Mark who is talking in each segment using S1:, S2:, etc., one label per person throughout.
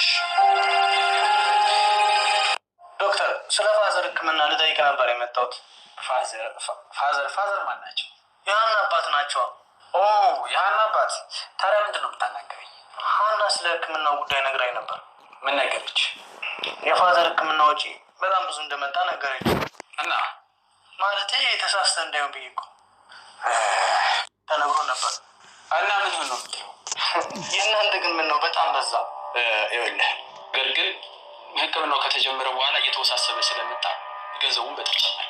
S1: ትችላለሽ። ዶክተር ስለ ፋዘር ህክምና ልጠይቅ ነበር የመጣሁት።
S2: ፋዘር ፋዘር ማን ናቸው? የሀና አባት ናቸው። ኦ የሀና አባት። ታዲያ ምንድን ነው የምታናገረኝ? ሀና ስለ ህክምናው ጉዳይ ነግራኝ ነበር። ምን ነገረች? የፋዘር ህክምና ወጪ በጣም ብዙ እንደመጣ ነገረች። እና ማለት የተሳስተ እንዳይሆን ብዬ እኮ ተነግሮ ነበር። እና ምን ይሆን ነው የእናንተ ግን ምን ነው በጣም በዛ ይኸውልህ። ነገር ግን ህክምናው ከተጀመረ በኋላ እየተወሳሰበ ስለመጣ ገንዘቡን በተጨመረ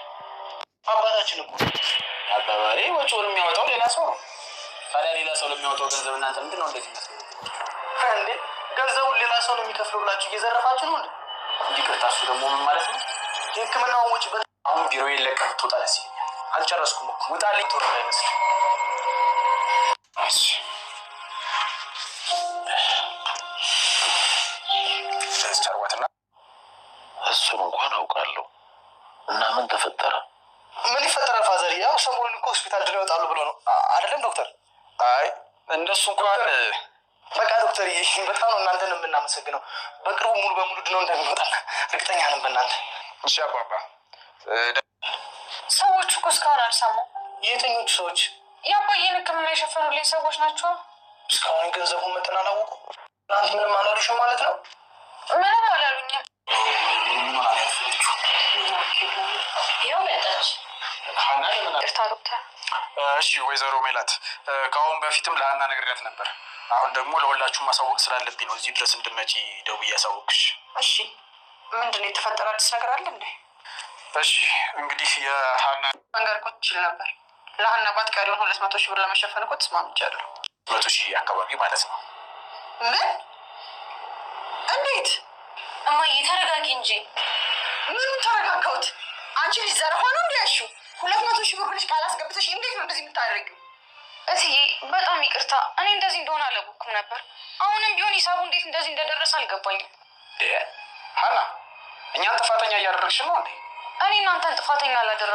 S2: አባታችን እኮ አባባሪ ወጪውን የሚያወጣው ሌላ ሰው ነው። ታዲያ ሌላ ሰው ለሚያወጣው ገንዘብ እናንተ ምንድን ነው እንደዚህ ነት እንዴ? ገንዘቡን ሌላ ሰው ነው የሚከፍለው ብላችሁ እየዘረፋችሁ ነው። እንዲቅርታ እሱ ደግሞ ምን ማለት ነው? የህክምናውን ወጪ አሁን ቢሮ የለቀም ትወጣ ደስ ይለኛል። አልጨረስኩም እኮ ውጣ። ሊቶር አይመስል ይወጣሉ ብሎ ነው አይደለም ዶክተር? አይ እንደሱ እንኳን በቃ ዶክተር ይህ በጣም ነው እናንተን የምናመሰግነው። በቅርቡ ሙሉ በሙሉ ድነው እንደሚወጣል እርግጠኛ ነን በእናንተ። እሺ አባባ።
S3: ሰዎቹ እኮ እስካሁን አልሰማም።
S2: የትኞቹ ሰዎች?
S3: የአባዬን ሕክምና የሸፈኑልኝ ሰዎች ናቸው።
S2: እስካሁን የገንዘቡን መጠን አላወቁ። እናንተ ምንም አላሉሽም ማለት ነው?
S3: ምንም አላሉኝም። ይኸው መጣች። ይቅርታ ዶክተር
S2: እሺ ወይዘሮ ሜላት ከአሁን በፊትም ለአና ነግሬያት ነበር። አሁን ደግሞ ለሁላችሁ ማሳወቅ ስላለብኝ ነው እዚህ ድረስ እንድመጪ ደውዬ ያሳወቅሽ።
S3: እሺ ምንድን ነው የተፈጠረ? አዲስ ነገር አለ እንዴ?
S2: እሺ እንግዲህ የሀና
S3: መንገድ እኮ ትችል ነበር። ለሀና ባት ቀሪውን ሁለት መቶ ሺህ ብር ለመሸፈን እኮ ተስማምቻለሁ።
S2: መቶ ሺህ አካባቢ ማለት ነው።
S3: ምን? እንዴት? እማዬ ተረጋጊ እንጂ። ምኑን ተረጋጋሁት? አንቺ ልጅ ዘረፋ ነው እንዲያሹ ሁለት መቶ ሺህ ብር ልጅ ቃል አስገብተሽ እንዴት ነው እንደዚህ የምታደርጊው? እትዬ በጣም ይቅርታ፣ እኔ እንደዚህ እንደሆነ አላወኩም ነበር። አሁንም ቢሆን ሂሳቡ እንዴት እንደዚህ እንደደረሰ አልገባኝም።
S2: ሀና፣ እኛን ጥፋተኛ እያደረግሽ ነው እንዴ?
S3: እኔ እናንተን ጥፋተኛ አላደረ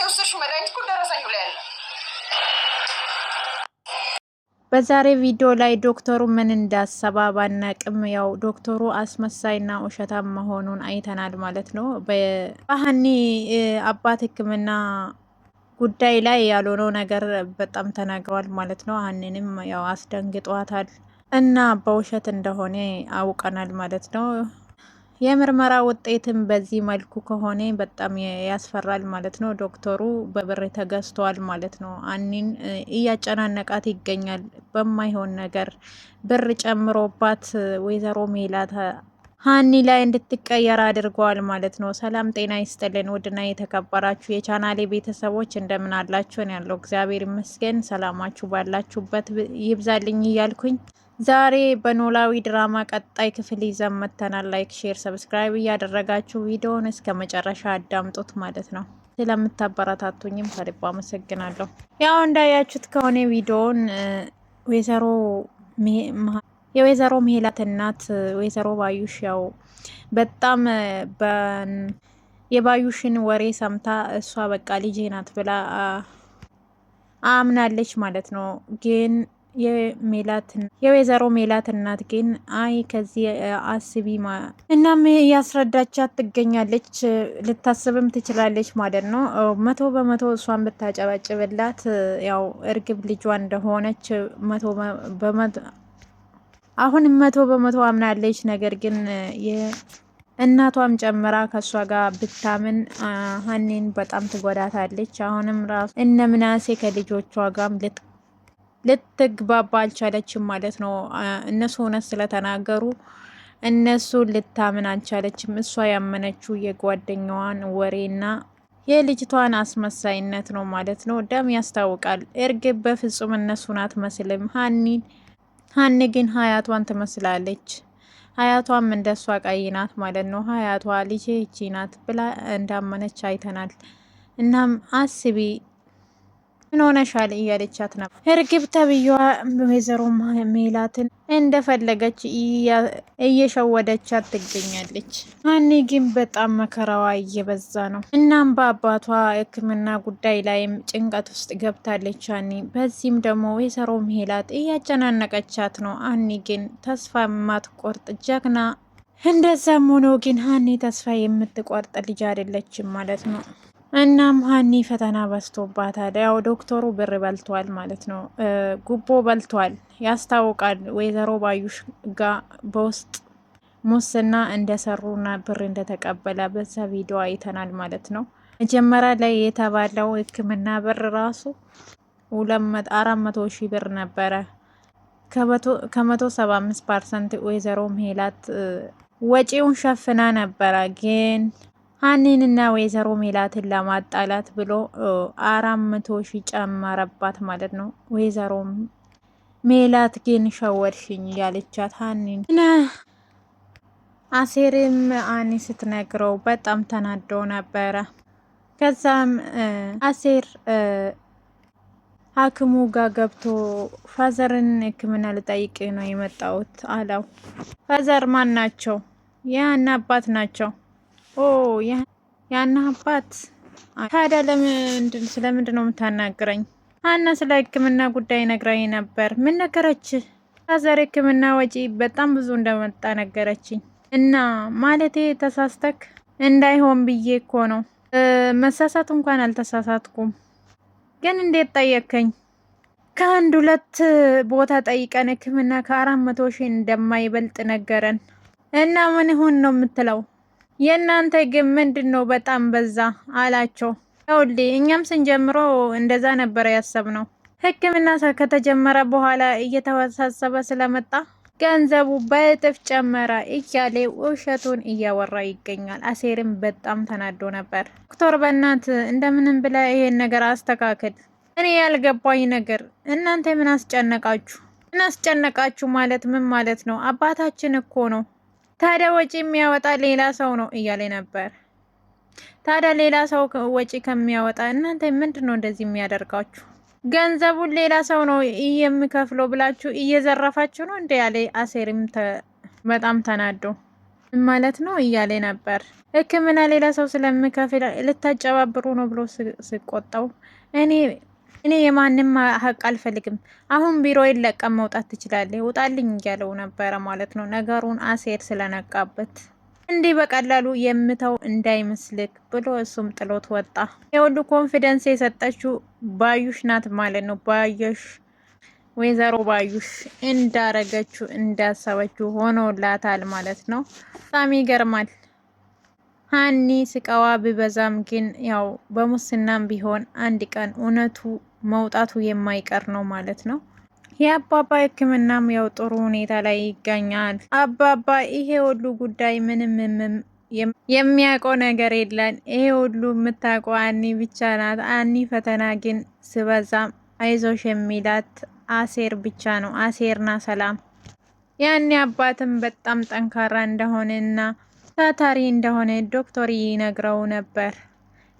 S3: የወሰድሽው መድኃኒት እኮ ደረሰኝ ላይ ያለ
S4: በዛሬ ቪዲዮ ላይ ዶክተሩ ምን እንዳሰባ ባናቅም ያው ዶክተሩ አስመሳይና ውሸታም መሆኑን አይተናል ማለት ነው። በሀኒ አባት ሕክምና ጉዳይ ላይ ያልሆነው ነገር በጣም ተናግሯል ማለት ነው። ሀኒንም ያው አስደንግጧታል እና በውሸት እንደሆነ አውቀናል ማለት ነው። የምርመራ ውጤትም በዚህ መልኩ ከሆነ በጣም ያስፈራል ማለት ነው። ዶክተሩ በብር ተገዝተዋል ማለት ነው። አኒን እያጨናነቃት ይገኛል በማይሆን ነገር ብር ጨምሮባት ወይዘሮ ሜላት ሀኒ ላይ እንድትቀየር አድርገዋል ማለት ነው። ሰላም ጤና ይስጥልን ውድና የተከበራችሁ የቻናሌ ቤተሰቦች እንደምን አላችሁን? ያለው እግዚአብሔር ይመስገን። ሰላማችሁ ባላችሁበት ይብዛልኝ እያልኩኝ ዛሬ በኖላዊ ድራማ ቀጣይ ክፍል ይዘን መተናል ላይክ፣ ሼር፣ ሰብስክራይብ እያደረጋችሁ ቪዲዮውን እስከ መጨረሻ አዳምጡት ማለት ነው። ስለምታበረታቱኝም ከልብ አመሰግናለሁ። ያው እንዳያችሁት ከሆነ ቪዲዮውን ወይዘሮ የወይዘሮ ምሄላት እናት ወይዘሮ ባዩሽ ያው በጣም የባዩሽን ወሬ ሰምታ እሷ በቃ ልጄ ናት ብላ አምናለች ማለት ነው ግን የወይዘሮ ሜላት እናት ግን አይ ከዚህ አስቢ እናም እያስረዳቻት ትገኛለች። ልታስብም ትችላለች ማለት ነው። መቶ በመቶ እሷን ብታጨበጭብላት ያው እርግብ ልጇ እንደሆነች መቶ በመቶ አሁንም መቶ በመቶ አምናለች። ነገር ግን እናቷም ጨምራ ከእሷ ጋር ብታምን ሀኔን በጣም ትጎዳታለች። አሁንም ራሱ እነ ምናሴ ከልጆቿ ጋም ልት ልትግባባ አልቻለችም ማለት ነው። እነሱ እውነት ስለተናገሩ እነሱ ልታምን አልቻለችም። እሷ ያመነችው የጓደኛዋን ወሬና የልጅቷን አስመሳይነት ነው ማለት ነው። ደም ያስታውቃል። እርግብ በፍጹም እነሱን አትመስልም። ሀኒን ሀኒ ግን ሀያቷን ትመስላለች። ሀያቷም እንደሷ ቀይ ናት ማለት ነው። ሀያቷ ልጅ እቺ ናት ብላ እንዳመነች አይተናል። እናም አስቢ ምን ሆነሻል እያለቻት ነበር። እርግብ ተብዬዋ ወይዘሮ ሜላትን እንደፈለገች እየሸወደቻት ትገኛለች። አኔ ግን በጣም መከራዋ እየበዛ ነው። እናም በአባቷ ሕክምና ጉዳይ ላይም ጭንቀት ውስጥ ገብታለች። አኒ በዚህም ደግሞ ወይዘሮ ሜላት እያጨናነቀቻት ነው። አኒ ግን ተስፋ የማትቆርጥ ጀግና እንደዛም ሆኖ ግን ሀኒ ተስፋ የምትቆርጥ ልጅ አይደለችም ማለት ነው። እናም ሀኒ ፈተና በዝቶባታል። ያው ዶክተሩ ብር በልቷል ማለት ነው፣ ጉቦ በልቷል ያስታውቃል። ወይዘሮ ባዩሽ ጋ በውስጥ ሙስና እንደሰሩና ብር እንደተቀበለ በዛ ቪዲዮ አይተናል ማለት ነው። መጀመሪያ ላይ የተባለው ሕክምና ብር ራሱ አራት መቶ ሺህ ብር ነበረ ከመቶ ሰባ አምስት ፐርሰንት ወይዘሮ ሜላት ወጪውን ሸፍና ነበረ ግን ሀኒንና ወይዘሮ ሜላትን ለማጣላት ብሎ አራት መቶ ሺህ ጨመረባት ማለት ነው። ወይዘሮ ሜላት ግን ሸወድሽኝ እያለቻት ሀኒን አሴርም አኒ ስትነግረው በጣም ተናደው ነበረ። ከዛም አሴር ሐኪሙ ጋር ገብቶ ፋዘርን ሕክምና ልጠይቅ ነው የመጣሁት አለው። ፋዘር ማን ናቸው? ያን አባት ናቸው ኦ ያን አባት ታዲያ ለምንድን ስለምንድን ነው የምታናግረኝ? አና ስለ ሕክምና ጉዳይ ነግራኝ ነበር። ምን ነገረች? ዛሬ ሕክምና ወጪ በጣም ብዙ እንደመጣ ነገረችኝ። እና ማለቴ ተሳስተክ እንዳይሆን ብዬ እኮ ነው። መሳሳት እንኳን አልተሳሳትኩም። ግን እንዴት ጠየከኝ? ከአንድ ሁለት ቦታ ጠይቀን ሕክምና ከአራት መቶ ሺህ እንደማይበልጥ ነገረን እና ምን ይሁን ነው የምትለው? የእናንተ ግን ምንድን ነው በጣም በዛ አላቸው። ውል እኛም ስንጀምሮ እንደዛ ነበረ ያሰብነው። ሕክምና ከተጀመረ በኋላ እየተወሳሰበ ስለመጣ ገንዘቡ በእጥፍ ጨመረ እያለ ውሸቱን እያወራ ይገኛል። አሴርም በጣም ተናዶ ነበር። ዶክተር በእናት እንደምንም ብለ ይሄን ነገር አስተካክል። እኔ ያልገባኝ ነገር እናንተ ምን አስጨነቃችሁ? ምን አስጨነቃችሁ ማለት ምን ማለት ነው? አባታችን እኮ ነው ታዲያ ወጪ የሚያወጣ ሌላ ሰው ነው እያለ ነበር። ታዲያ ሌላ ሰው ወጪ ከሚያወጣ እናንተ ምንድን ነው እንደዚህ የሚያደርጋችሁ? ገንዘቡን ሌላ ሰው ነው የሚከፍለው ብላችሁ እየዘረፋችሁ ነው እንደ ያለ አሴሪም በጣም ተናዶ ማለት ነው እያለ ነበር። ሕክምና ሌላ ሰው ስለሚከፍል ልታጨባብሩ ነው ብሎ ስቆጣው እኔ እኔ የማንም ሀቅ አልፈልግም። አሁን ቢሮ ይለቀም መውጣት ትችላለ፣ ውጣልኝ እያለው ነበረ ማለት ነው። ነገሩን አሴር ስለነቃበት እንዲህ በቀላሉ የምተው እንዳይመስልክ ብሎ እሱም ጥሎት ወጣ። የሁሉ ኮንፊደንስ የሰጠችው ባዩሽ ናት ማለት ነው። ባዩሽ ወይዘሮ ባዩሽ እንዳረገችው እንዳሰበችው ሆኖላታል ማለት ነው። በጣም ይገርማል። ሀኒ ስቃዋ ቢበዛም ግን ያው በሙስናም ቢሆን አንድ ቀን እውነቱ መውጣቱ የማይቀር ነው ማለት ነው። የአባባ ሕክምናም ያው ጥሩ ሁኔታ ላይ ይገኛል። አባባ ይሄ ሁሉ ጉዳይ ምንም የሚያውቀው ነገር የለን። ይሄ ሁሉ የምታውቀው አኒ ብቻ ናት። አኒ ፈተና ግን ስበዛም አይዞሽ የሚላት አሴር ብቻ ነው። አሴርና ሰላም ያኔ አባትም በጣም ጠንካራ እንደሆነና ታታሪ እንደሆነ ዶክተር ይነግረው ነበር።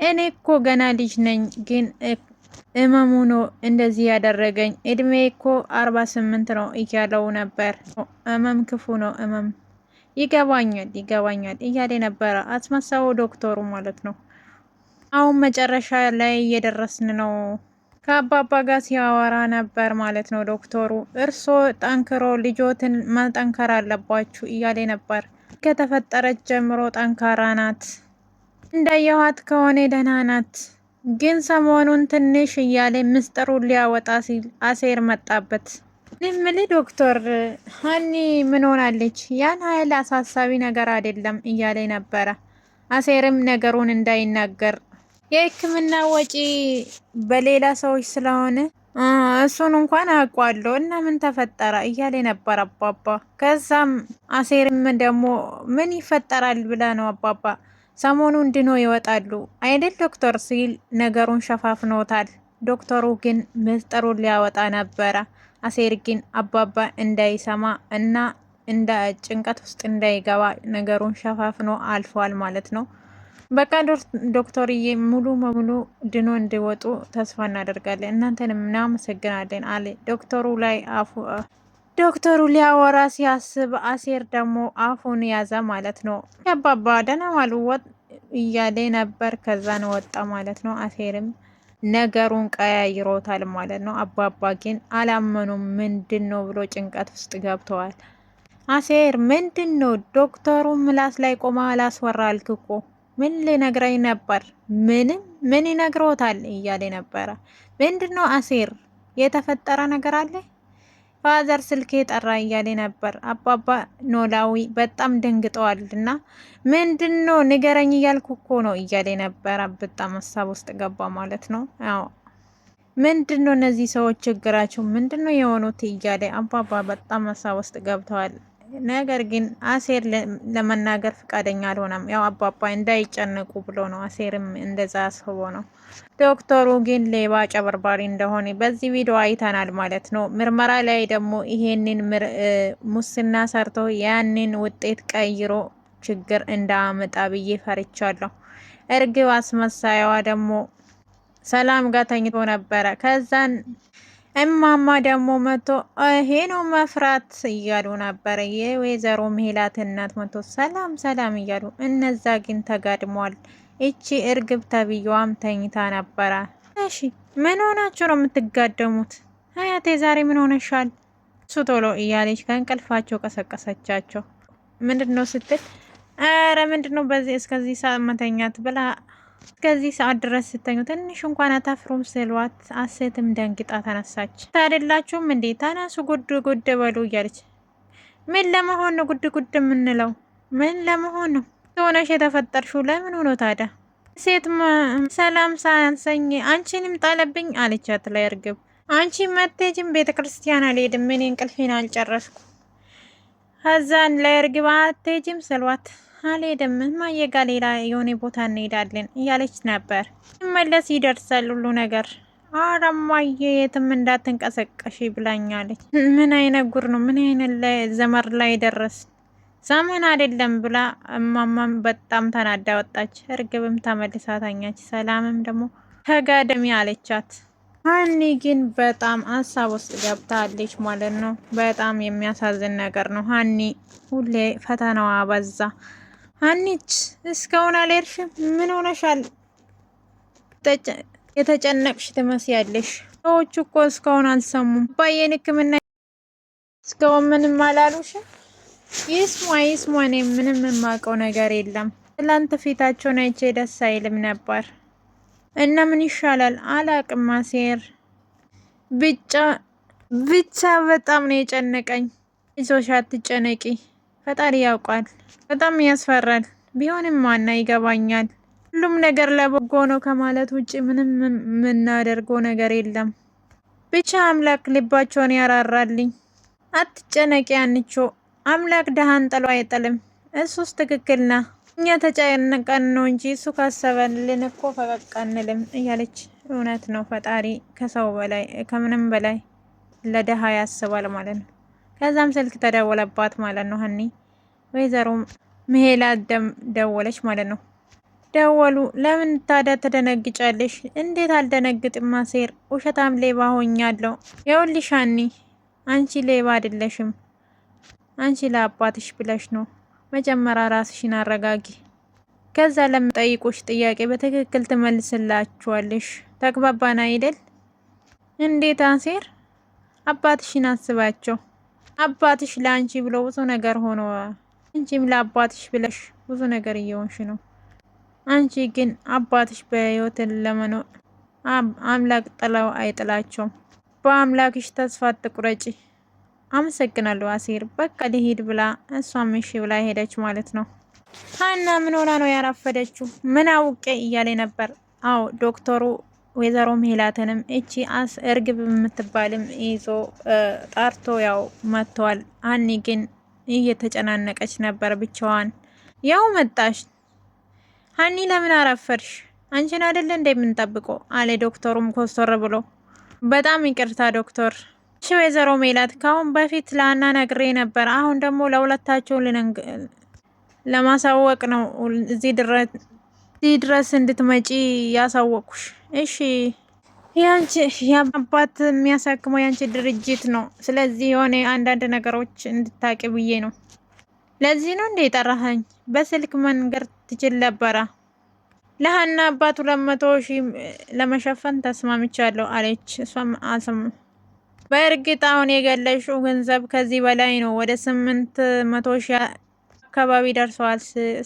S4: እኔ እኮ ገና ልጅ ነኝ ግን እመሙ ነው እንደዚህ ያደረገኝ። እድሜ እኮ አርባ ስምንት ነው እያለው ነበር። እመም ክፉ ነው እመም ይገባኛል ይገባኛል እያለ ነበረ አስመሳው ዶክተሩ ማለት ነው። አሁን መጨረሻ ላይ እየደረስን ነው። ከአባባ ጋር ሲያወራ ነበር ማለት ነው ዶክተሩ። እርሶ ጠንክሮ ልጆትን መጠንከር አለባችሁ እያለ ነበር። ከተፈጠረች ጀምሮ ጠንካራ ናት፣ እንዳየኋት ከሆነ ደህና ናት ግን ሰሞኑን ትንሽ እያለ ምስጢሩን ሊያወጣ ሲል አሴር መጣበት። እምልህ ዶክተር ሀኒ ምን ሆናለች? ያን ሀይል አሳሳቢ ነገር አይደለም እያለ ነበረ። አሴርም ነገሩን እንዳይናገር የሕክምና ወጪ በሌላ ሰዎች ስለሆነ እሱን እንኳን አውቋለሁ እና ምን ተፈጠረ እያለ ነበር አባባ። ከዛም አሴርም ደግሞ ምን ይፈጠራል ብለ ነው አባባ ሰሞኑ እንድኖ ይወጣሉ አይደል ዶክተር ሲል ነገሩን ሸፋፍኖታል። ዶክተሩ ግን ምስጢሩን ሊያወጣ ነበረ። አሴር ግን አባባ እንዳይሰማ እና እንደ ጭንቀት ውስጥ እንዳይገባ ነገሩን ሸፋፍኖ አልፏል ማለት ነው። በቃ ዶክተርዬ ሙሉ በሙሉ ድኖ እንዲወጡ ተስፋ እናደርጋለን። እናንተንም እናመሰግናለን አለ ዶክተሩ ላይ አፉ ዶክተሩ ሊያወራ ሲያስብ አሴር ደግሞ አፉን ያዘ ማለት ነው። ያባባ ደህና ዋሉ እያለ ነበር። ከዛን ወጣ ማለት ነው። አሴርም ነገሩን ቀያይሮታል ማለት ነው። አባባ ግን አላመኑም። ምንድን ነው ብሎ ጭንቀት ውስጥ ገብተዋል። አሴር ምንድን ነው ዶክተሩ ምላስ ላይ ቆማ አላስወራ አልክ እኮ ምን ልነግረኝ ነበር? ምንም ምን ይነግሮታል እያለ ነበረ። ምንድን ነው አሴር የተፈጠረ ነገር አለ? ፋዘር ስልክ የጠራ እያለ ነበር። አባባ ኖላዊ በጣም ደንግጠዋል እና ምንድን ነው ንገረኝ እያልኩ እኮ ነው እያለ ነበር በጣም ሀሳብ ውስጥ ገባ ማለት ነው። አዎ ምንድን ነው እነዚህ ሰዎች ችግራቸው ምንድን ነው የሆኑት እያለ አባባ በጣም ሀሳብ ውስጥ ገብተዋል። ነገር ግን አሴር ለመናገር ፈቃደኛ አልሆነም። ያው አባባ እንዳይጨነቁ ብሎ ነው። አሴርም እንደዛ አስቦ ነው። ዶክተሩ ግን ሌባ ጨበርባሪ እንደሆነ በዚህ ቪዲዮ አይተናል ማለት ነው። ምርመራ ላይ ደግሞ ይሄንን ሙስና ሰርቶ ያንን ውጤት ቀይሮ ችግር እንዳመጣ ብዬ ፈርቻለሁ። እርግብ አስመሳያዋ ደግሞ ሰላም ጋር ተኝቶ ነበረ ከዛን እማማ ደግሞ መቶ ይሄ ነው መፍራት እያሉ ነበረ። የወይዘሮ ሜላት እናት መቶ ሰላም ሰላም እያሉ እነዛ ግን ተጋድሟል። እቺ እርግብ ተብዬዋም ተኝታ ነበረ። እሺ ምን ሆናችሁ ነው የምትጋደሙት? አያቴ ዛሬ ምን ሆነሻል? እሱ ቶሎ እያለች ከእንቅልፋቸው ቀሰቀሰቻቸው። ምንድን ነው ስትል ኧረ ምንድን ነው በዚህ እስከዚህ ሰዓት መተኛት ብላ እስከዚህ ሰዓት ድረስ ስተኙ ትንሽ እንኳን አታፍሩም ስሏት አሴትም ደንግጣ ተነሳች። ታደላችሁም እንዴ ተነሱ ጉድ ጉድ በሉ እያለች ምን ለመሆን ነው ጉድ ጉድ የምንለው? ምን ለመሆን ነው ሆነሽ የተፈጠርሽው ለምን ሆኖ ታዲያ? ሴት ሰላም ሳያንሰኝ አንቺንም ጣለብኝ አለቻት ላይ እርግብ አንቺ መቴጅም ቤተ ክርስቲያን አልሄድም እኔ እንቅልፌን አልጨረስኩ። ከዛን ላይ እርግብ አቴጅም ስሏት አልሄድም እማዬ ጋ ሌላ የሆነ ቦታ እንሄዳለን እያለች ነበር። ሲመለስ ይደርሳል ሁሉ ነገር። ኧረ እማዬ የትም እንዳትንቀሰቀሽ ብላኛለች። ምን አይነት ጉር ነው? ምን አይነት ዘመር ላይ ደረስ ዘመን አይደለም ብላ እማማም በጣም ተናዳ ወጣች። እርግብም ተመልሳ ተኛች። ሰላምም ደግሞ ተጋደሚ አለቻት። ሀኒ ግን በጣም ሀሳብ ውስጥ ገብታለች ማለት ነው። በጣም የሚያሳዝን ነገር ነው። ሀኒ ሁሌ ፈተናዋ በዛ። አንቺ እስካሁን አልሄድሽም? ምን ሆነሻል? የተጨነቅሽ ትመስያለሽ። ሰዎች እኮ እስካሁን አልሰሙም። አባዬን ሕክምና እስካሁን ምንም አላሉሽም? ይስሟ ይስሟ፣ እኔ ምንም የማውቀው ነገር የለም። ትላንት ፊታቸውን አይቼ ደስ አይልም ነበር እና ምን ይሻላል አላቅም። ማሴር ብቻ ብቻ በጣም ነው የጨነቀኝ። ይዞሽ አትጨነቂ። ፈጣሪ ያውቃል። በጣም ያስፈራል። ቢሆንም ማና ይገባኛል። ሁሉም ነገር ለበጎ ነው ከማለት ውጭ ምንም የምናደርገው ነገር የለም። ብቻ አምላክ ልባቸውን ያራራልኝ። አትጨነቂ አንቾ፣ አምላክ ደሃን ጥሎ አይጥልም። እሱስ ትክክል ና እኛ ተጨነቀን ነው እንጂ እሱ ካሰበልን እኮ ፈቀቅ አንልም እያለች እውነት ነው። ፈጣሪ ከሰው በላይ ከምንም በላይ ለደሃ ያስባል ማለት ነው። ከዛም ስልክ ተደወለባት ማለት ነው። ሀኒ ወይዘሮ ሜላት ደወለች ማለት ነው። ደወሉ። ለምን ታዲያ ተደነግጫለሽ? እንዴት አልደነግጥም ማሴር ውሸታም ሌባ ሆኛለሁ። የውልሽ ሀኒ አንቺ ሌባ አይደለሽም። አንቺ ለአባትሽ ብለሽ ነው። መጀመሪያ ራስሽን አረጋጊ። ከዛ ለምጠይቁሽ ጥያቄ በትክክል ትመልስላችኋለሽ። ተግባባን አይደል? እንዴት አሴር አባትሽን አስባቸው አባትሽ ለአንቺ ብሎ ብዙ ነገር ሆኖ አንቺም ለአባትሽ ብለሽ ብዙ ነገር እየሆንሽ ነው። አንቺ ግን አባትሽ በህይወት ለመኖር አምላክ ጥለው አይጥላቸውም። በአምላክሽ ተስፋ አትቁረጪ። አመሰግናለሁ አሲር፣ በቃ ልሂድ ብላ እሷም እሺ ብላ ሄደች ማለት ነው። ሀና ምን ሆና ነው ያራፈደችው? ምን አውቄ እያለ ነበር። አዎ ዶክተሩ ወይዘሮ ሜላትንም እቺ አስ እርግብ የምትባልም ይዞ ጣርቶ ያው መጥተዋል። አኒ ግን እየተጨናነቀች ነበር ብቻዋን። ያው መጣሽ አኒ ለምን አረፈርሽ? አንቺን አይደለ እንደምንጠብቀው አለ ዶክተሩም ኮስተር ብሎ። በጣም ይቅርታ ዶክተር እሺ ወይዘሮ ሜላት ካሁን በፊት ለአና ነግሬ ነበር። አሁን ደግሞ ለሁለታቸው ለማሳወቅ ነው እዚህ ድረስ እዚህ ድረስ እንድትመጪ ያሳወቅኩሽ። እሺ ያንቺ የአባት የሚያሳክመው ያንቺ ድርጅት ነው። ስለዚህ የሆነ አንዳንድ ነገሮች እንድታቂ ብዬ ነው። ለዚህ ነው እንዴ ጠራኸኝ? በስልክ መንገር ትችል ነበረ። ለሀና አባት ሁለት መቶ ሺህ ለመሸፈን ተስማምቻለሁ አለች። እሷም አልሰሙ በእርግጥ አሁን የገለሽው ገንዘብ ከዚህ በላይ ነው። ወደ ስምንት መቶ ሺህ አካባቢ ደርሰዋል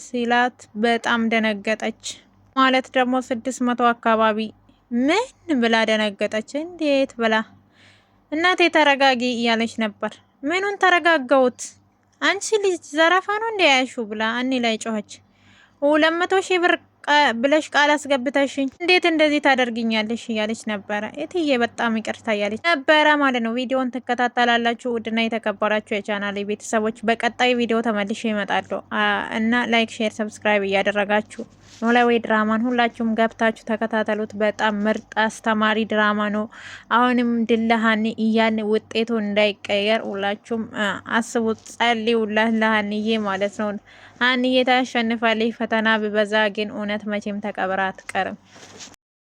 S4: ሲላት በጣም ደነገጠች። ማለት ደግሞ ስድስት መቶ አካባቢ ምን ብላ ደነገጠች። እንዴት ብላ እናቴ ተረጋጊ እያለች ነበር። ምኑን ተረጋገውት አንቺ ልጅ ዘረፋ ነው እንዲያያሹ ብላ እኔ ላይ ጮኸች። ሁለት መቶ ሺህ ብር ብለሽ ቃል አስገብተሽኝ እንዴት እንደዚህ ታደርግኛለሽ እያለች ነበረ። የትዬ በጣም ይቅርታ እያለች ነበረ ማለት ነው። ቪዲዮን ትከታተላላችሁ ውድና የተከበራችሁ የቻናል ቤተሰቦች፣ በቀጣይ ቪዲዮ ተመልሼ ይመጣለሁ እና ላይክ፣ ሼር፣ ሰብስክራይብ እያደረጋችሁ ኖላዊ ድራማን ሁላችሁም ገብታችሁ ተከታተሉት። በጣም ምርጥ አስተማሪ ድራማ ነው። አሁንም ድለሀኒ እያን ውጤቱ እንዳይቀየር ሁላችሁም አስቡ፣ ጸልዩላት ለሃኒዬ ማለት ነው። ሃኒዬ ታሸንፋለች። ፈተና ብበዛ ግን እውነት መቼም ተቀብራ አትቀርም።